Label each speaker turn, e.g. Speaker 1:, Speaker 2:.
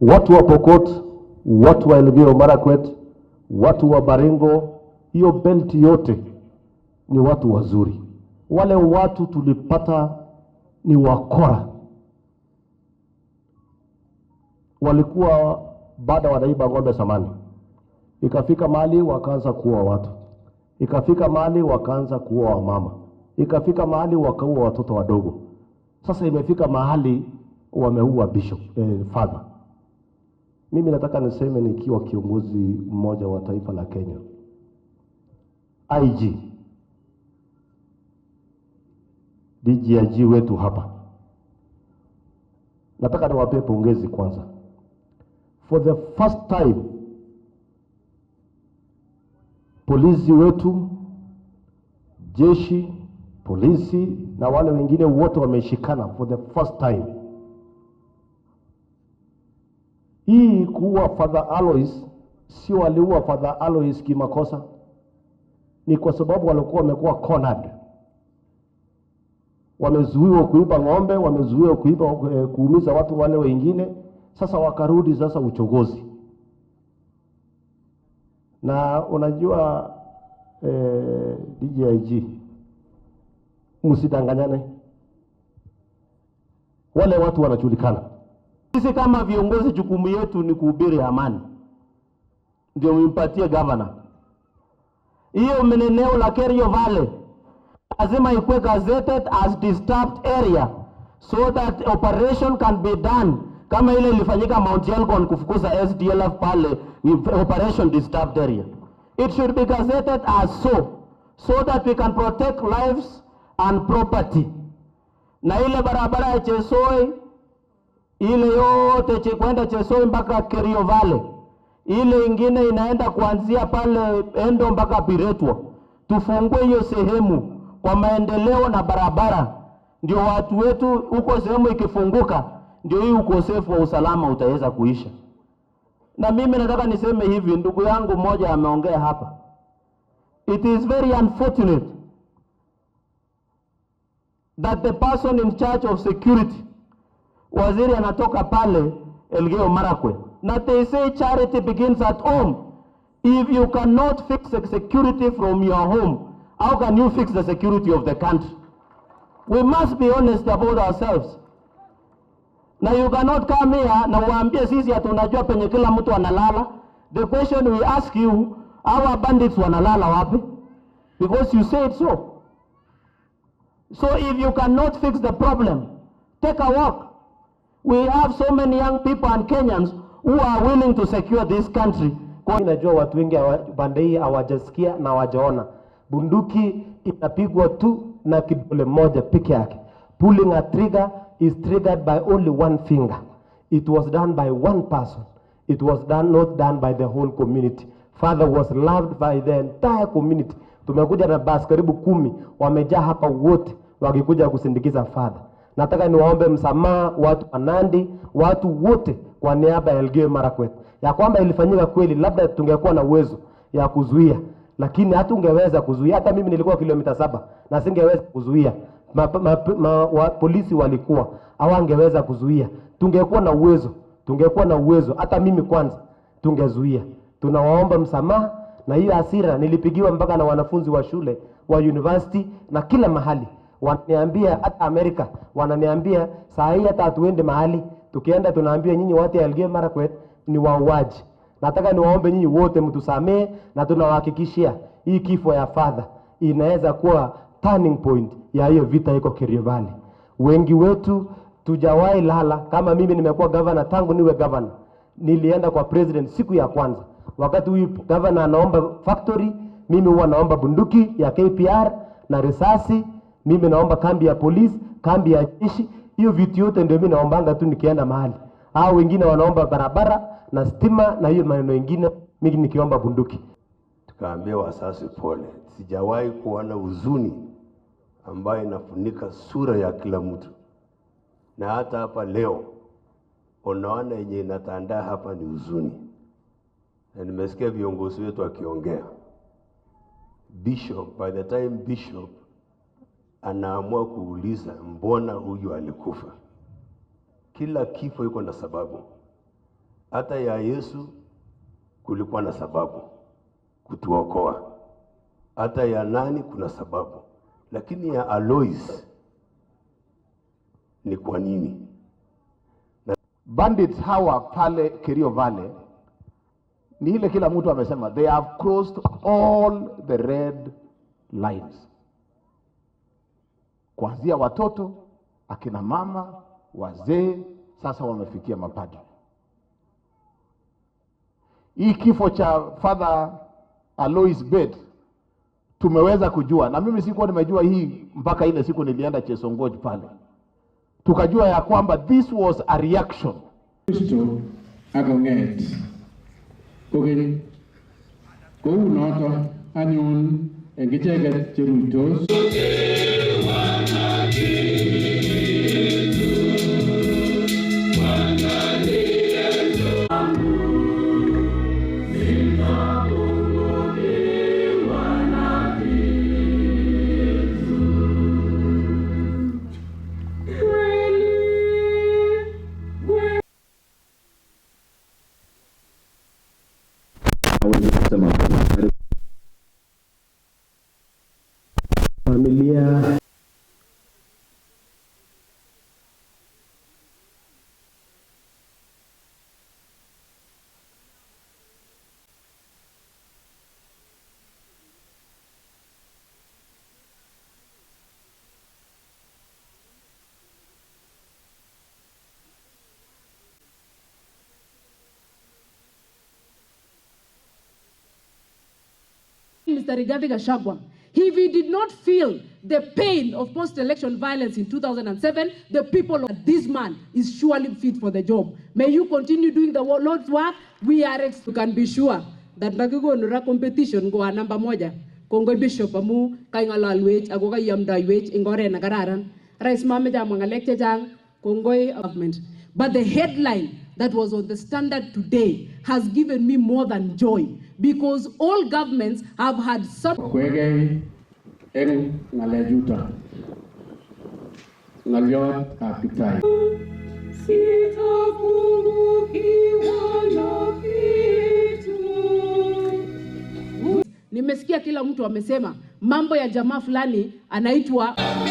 Speaker 1: watu wa Pokot, watu wa Elgeyo Marakwet, watu wa Baringo, hiyo belt yote ni watu wazuri. Wale watu tulipata ni wakora, walikuwa bado wanaiba ng'ombe samani, ikafika mali wakaanza kuua watu, ikafika mali wakaanza kuua wamama, ikafika mahali wakaua watoto wadogo. Sasa imefika mahali wameua bishop eh, father. Mimi nataka niseme nikiwa kiongozi mmoja wa taifa la Kenya, IG DGIG wetu hapa, nataka niwapee pongezi kwanza, for the first time polisi wetu, jeshi, polisi na wale wengine wote wameshikana for the first time hii kuua Father Alois sio waliua Father Alois kimakosa, ni kwa sababu walikuwa wamekuwa cornered, wamezuiwa kuiba ng'ombe, wamezuiwa kuiba eh, kuumiza watu wale wengine. Sasa wakarudi sasa uchogozi na unajua eh, DJIG, msidanganyane, wale watu wanajulikana sisi kama viongozi jukumu yetu ni kuhubiri amani, ndio mwimpatie governor hiyo mneneo la Kerio Valley lazima ikuwe gazetted as disturbed area so that operation can be done, kama ile ilifanyika Mount Elgon kufukuza SDLF pale, operation disturbed area. It should be gazetted as so so that we can protect lives and property. Na ile barabara ya Chesoi ile yote chikwenda Chesoi mpaka Kerio Vale, ile ingine inaenda kuanzia pale Endo mpaka Piretwa. Tufungue hiyo sehemu kwa maendeleo na barabara, ndio watu wetu huko. Sehemu ikifunguka, ndio hii ukosefu wa usalama utaweza kuisha. Na mimi nataka niseme hivi, ndugu yangu mmoja ameongea hapa, it is very unfortunate that the person in charge of security waziri anatoka pale Elgeyo Marakwet, na they say charity begins at home. If you cannot fix the security from your home, how can you fix the security of the country? We must be honest about ourselves. Na you cannot come here na uambie sisi hatunajua penye kila mtu analala. The question we ask you, our bandits wanalala wapi? Because you said so. So if you cannot fix the problem, take a walk. We have so many young people and Kenyans who are willing to secure this country. Kwa najua watu wengi bande hii hawajasikia na hawajaona. Bunduki inapigwa tu na kidole moja peke yake. Pulling a trigger is triggered by only one finger. It was done by one person. It was done not done by the whole community. Father was loved by the entire community. Tumekuja na basi karibu kumi wamejaa hapa wote wakikuja kusindikiza father. Nataka niwaombe msamaha watu wa Nandi, watu wote kwa niaba ya Elgeyo Marakwet, ya kwamba ilifanyika kweli, labda tungekuwa na uwezo ya kuzuia, lakini hatungeweza kuzuia. Hata mimi nilikuwa kilomita saba na singeweza kuzuia ma, ma, ma, wa, polisi walikuwa hawangeweza kuzuia. Tungekuwa na uwezo, tungekuwa na uwezo, hata mimi kwanza tungezuia. Tunawaomba msamaha, na hiyo hasira nilipigiwa mpaka na wanafunzi wa shule wa university na kila mahali wananiambia hata Amerika wananiambia saa hii hata hatuende mahali, tukienda tunaambia nyinyi watu ya Elgeyo Marakwet ni wauaji. Nataka niwaombe nyinyi wote mtusamee, na tunawahakikishia hii kifo ya father inaweza kuwa turning point ya hiyo vita iko Kerio Valley. Wengi wetu tujawahi lala. Kama mimi nimekuwa governor tangu niwe governor, nilienda kwa president siku ya kwanza. Wakati huyu governor anaomba factory, mimi huwa naomba bunduki ya KPR na risasi mimi naomba kambi ya polisi, kambi ya jeshi, hiyo vitu yote ndio mimi naombanga tu nikienda mahali. Hao wengine wanaomba barabara na stima na hiyo maneno mengine, mimi nikiomba bunduki.
Speaker 2: Tukaambia wasasi pole, sijawahi kuona huzuni ambayo inafunika sura ya kila mtu, na hata hapa leo unaona yenye inatandaa hapa ni huzuni, na nimesikia viongozi wetu akiongea Bishop, by the time Bishop anaamua kuuliza mbona huyu alikufa? Kila kifo iko na sababu. Hata ya Yesu kulikuwa na sababu kutuokoa, hata ya nani kuna sababu, lakini ya Alois ni kwa nini?
Speaker 1: Na bandits hawa pale Kerio Valley ni ile kila mtu amesema they have crossed all the red lines kuanzia watoto, akina mama, wazee, sasa wamefikia mapadri. Hii kifo cha Father Alois Bett tumeweza kujua, na mimi sikuwa nimejua hii mpaka ile siku nilienda Chesongoji pale, tukajua ya kwamba this was a reaction.
Speaker 3: Kristo akong'et kokeny kou noto anyun eng icheket cheruitos
Speaker 4: them.
Speaker 5: Mr. Rigathi Gachagua, if he did not feel the pain of post-election violence in 2007, the people of this man is surely fit for the job. May you continue doing the Lord's work. We are you can be sure that nakikonora competition go ko namba moja. Kongoi Bishop amu kaingalalwech ako kaiyamdaiwech eng oret nekararan. Rais mameche amwa ng'alek chechang. Kongoi government. But the headline that was on the standard today has given me more than joy because all governments have had some
Speaker 3: kwegei eng ngalejuta kapitai
Speaker 5: nimesikia kila mtu amesema mambo ya jamaa fulani anaitwa